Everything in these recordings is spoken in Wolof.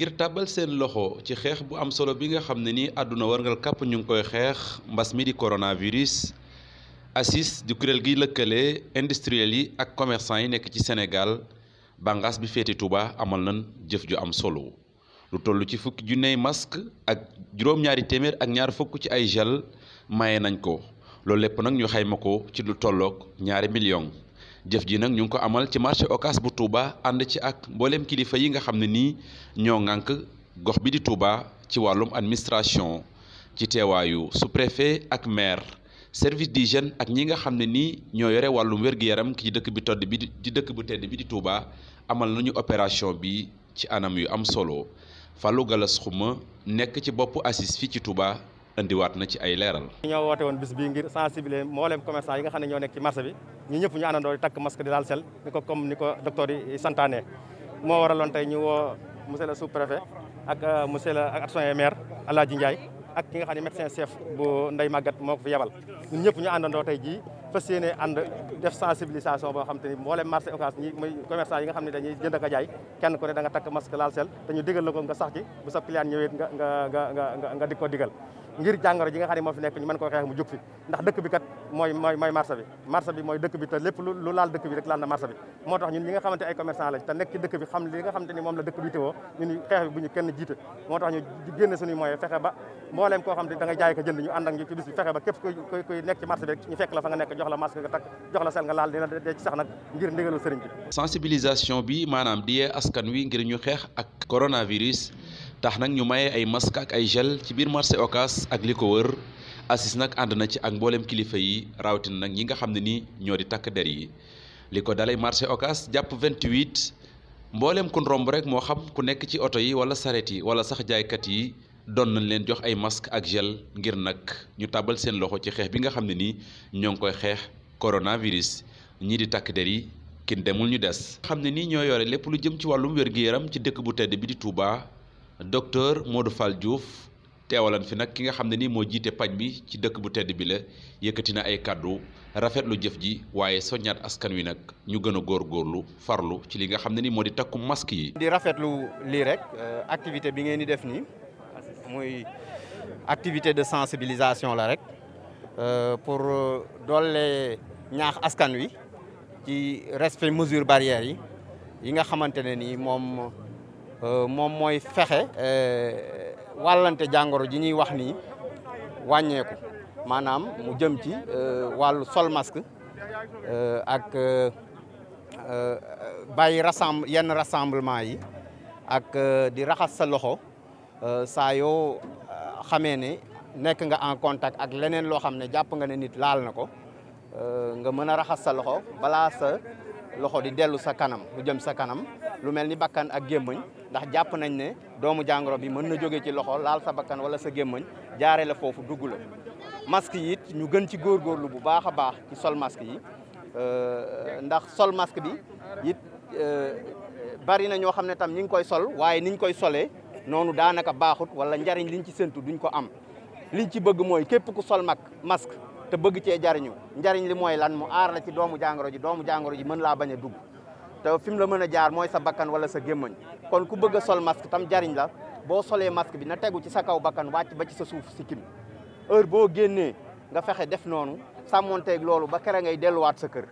ngir tàbbal seen loxo ci xeex bu am solo bi nga xam ne ni àdduna warngal kàpp ñu ngi koy xeex mbas mi di coronavirus ACIS di kuréel gi lëkkale industriel yi ak commerçant yi nekk ci senegal bànqaas bi féete Touba amal na jëf ju am solo lu toll ci fukki junney masque ak juróom-ñaari téeméer ak ñaar fukk ci ay gel maye nañ ko loolu lépp nag ñu xayma ko ci lu tolloog ñaari million jëf ji nag ñu ngi ko amal ci marché Ocass bu Touba ànd ci ak mbooleem kilifa yi nga xam ne nii ñoo ŋànk gox bi di Touba ci wàllum administration ci teewaayu sous ak maire service d'hygiène ak ñi nga xam ne nii ñoo yore wàllum wér-gu-yaram ki dëkk bi todd bi di dëkk bu tedd bi di Touba amal nañu opération bi ci anam yu am solo Fallou Gallas Xuma nekk ci bopp ACIS fii ci Touba indiwaat na ci ay leeral. ñoo woote woon bis bii ngir sensibiliser mboolem commerçant yi nga xam ne ñoo nekk ci marché bi ñu ñëpp ñu àndandoo di takk masque di laal euh, jii def sensibilisation boo xam te ni mboolem marché occasion ñi yi nga xam ne dañuy jënd a jaay kenn ku ne da nga takk masque laal sel te ñu digal la nga sax ci bu sa client ñëwee nga nga nga nga digal ngir jàngoro ji nga xam ne moo fi nekk ñu mën koo xeex mu jóg fi ndax dëkk bi kat mooy mooy bi marché bi lépp lu laal dëkk bi rek laal na marché bi moo tax ñun ñi nga xamante ay commerçant xam la ñu kenn jiite moo fexe ba mbooleem koo xam ne da nga jaay ko jënd ñu ànd ñu bi fexe ba képp kuy kuy nekk ci marché bi rek ñu fekk la fa nga nekk jox la masque nga takk jox la sel dee sax nag ngir ndigalu sëriñ bi sensibilisation bi maanaam di yee askan wi ngir ñu xeex ak coronavirus tax nag ñu maye ay masque ak ay gel ci biir marché Ocass ak li ko wër ACIS nag ànd na ci ak mboolem kilifa yi rawatina nag ñi nga xam ne nii ñoo di takk der yi li ko dalay marché Ocass jàpp 28 mboolem ku romb rek moo xam ku nekk ci oto yi wala saret yi wala sax jaaykat yi doon nañ leen jox ay masque ak gel ngir nag ñu tàbbal seen loxo ci xeex bi nga xam ne nii ñoo ngi koy xeex coronavirus ñii di takk der yi kin demul ñu des. xam ne nii ñoo yore lépp lu jëm ci wàllum wér-gu-yaram ci dëkk bu tedd bi di Touba. docteur Modou Fall Diouf teewalan fi nag ki nga xam ne nii moo jiite paj bi ci dëkk bu tedd bi la yëkkati na ay kàddu rafetlu jëf ji waaye soññaat askan wi nag ñu gën a góorlu farlu ci li nga xam ne ni moo di takku masque yi. di rafetlu lii rek euh, activité bi ngeen di def nii muy activité de sensibilisation la rek euh, pour euh, doole ñaax askan wi ci respect mesure barrière yi yi nga xamante ne ni moom. Euh, moom mooy fexe euh, wàllante jàngoro ji ñuy wax nii wàññeeku maanaam mu jëm ci euh, wàllu sol masque ak bàyyi rassemble yenn rassemblement yi ak di raxas sa loxo saa yoo xamee ne nekk nga en contact ak leneen loo xam ne jàpp nga ne nit laal na ko nga mën a raxas sa loxo balaa sa loxo di dellu sa kanam mu jëm sa kanam lu mel ni bakkan ak gémmiñ ndax jàpp nañ ne doomu jàngoro bi mën na jóge ci loxo laal sa bakkan wala sa gémmañ jaare la foofu dugg la masque yi it ñu gën ci góor góorgóorlu bu baax a baax ci sol masque yi euh, ndax sol masque bi it euh, bari na ñoo xam ne tam ñi ngi koy sol waaye niñ koy solee noonu daanaka baaxut wala njariñ liñ ci sentu duñ ko am liñ ci bëgg mooy képp ku sol mag masque te bëgg cee jariñu njariñ li mooy lan mu aar la ci doomu jàngoro ji doomu jàngoro ji mën laa bañ a dugg te fi mu la mën a jaar mooy sa bakkan wala sa gémmañ kon ku bëgg a sol masque tam jariñ la boo solee masque bi na tegu ci sa kaw bakkan wàcc ba ci sa suuf si kim boo génnee nga fexe def noonu sàmmoon teg loolu ba kere ngay delluwaat sa kër.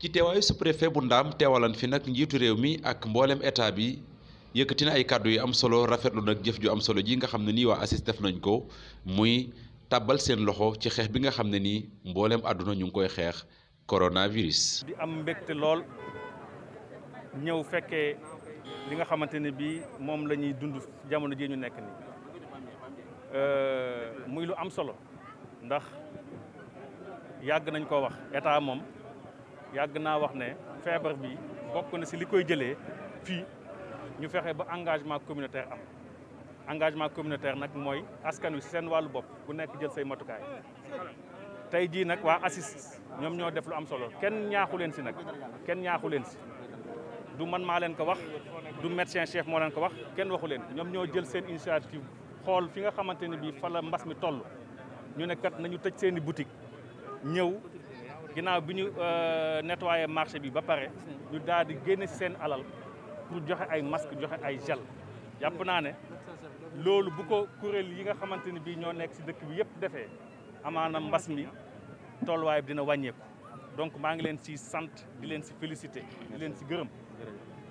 ci teewaayu su préfet bu ndaam teewalan fi nag njiitu réew mi ak mbooleem état bi yëkkati na ay kàddu yu am solo rafetlu nag jëf ju am solo ji nga xam ne nii waa ACIS def nañ ko muy tàbbal seen loxo ci xeex bi nga xam ne nii mboolem àdduna ñu ngi koy xeex coronavirus. di am mbégte lool. ñëw fekkee li nga xamante ne bii moom la ñuy dund jamono jii ñu nekk nii euh, muy lu am solo ndax yàgg nañ koo wax état moom yàgg naa wax ne feebar bi bokk na si li koy jëlee fii ñu fexe ba engagement communautaire am engagement communautaire nag mooy askan wi si seen wàllu bopp ku nekk jël say matukaay tey jii nag waa ACIS ñoom ñoo def lu am solo kenn ñaaxu leen si nag kenn ñaaxu leen si du man maa leen ko wax du médecin chef moo leen ko wax kenn waxu leen ñoom ñoo jël seen initiative xool fi nga xamante ne bii fa mbas mi toll ñu ne kat nañu tëj seen i boutique ñëw ginnaaw bi ñu euh, nettoyé marché bi ba pare ñu daal di génne seen alal pour joxe ay masque joxe ay gel jàpp naa ne loolu bu ko kuréel yi nga xamante ne bii ñoo nekk si dëkk bi yëpp defee amaana mbas mi tolluwaay bi dina wàññeeku donc maa ngi leen si sant di leen si félicité di leen si gërëm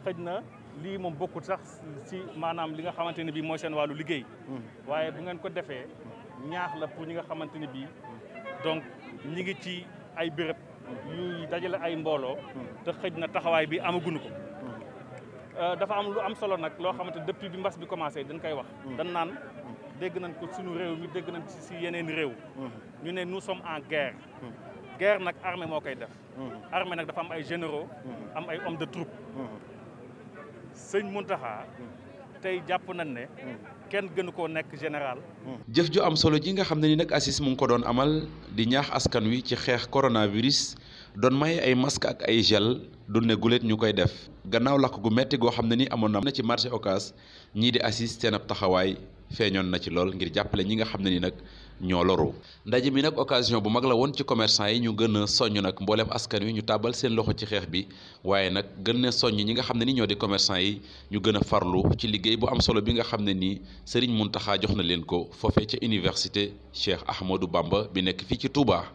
xëj na lii moom bokkut sax si maanaam li nga xamante ne bii mooy seen wàllu liggéey. Mm. waaye bu ngeen ko defee ñaax la pour ñi nga xamante ni bii donc ñi ngi ci ay béréb. yuy dajale ay mbooloo. te xëj na taxawaay bi amaguñu ko. Euh, dafa am lu am solo nag loo xamante depuis bi mbas bi commencé dañ koy wax. Mm. dañ naan dégg nañ ko suñu réew mi dégg nañ ci si yeneen réew. Mm. ñu ne nu sommes en guerre. guerre nag armée moo koy def. Hmm. armée nag dafa am ay généro hmm. am ay hommes de troupe. Hmm. sëñ taxa tey jàpp nañ ne. kenn gënu koo nekk général. jëf ju am solo ji nga xam ne ni nag ACIS mu ngi ko doon amal di ñaax askan wi ci xeex coronavirus doon maye ay masque ak ay gel du ne guléet ñu koy def gannaaw lakk gu metti goo xam ne ni amoon na ci marché ocas ñii di assis seen ab taxawaay feeñoon na ci lool ngir jàppale ñi nga xam ne ni nag. ñoo loru ndaje mi nag occasion bu mag la woon ci commerçant yi ñu gën a soññ nag mbooleem askan wi ñu taabal seen loxo ci xeex bi waaye nag gën ne soññ ñi nga xam ne ni ñoo di commerçant yi ñu gën a farlu ci liggéey bu am solo bi nga xam ne nii mun Mountakha jox na leen ko foofee ca université Cheikh Ahmadou Bamba bi nekk fii ci tuubaa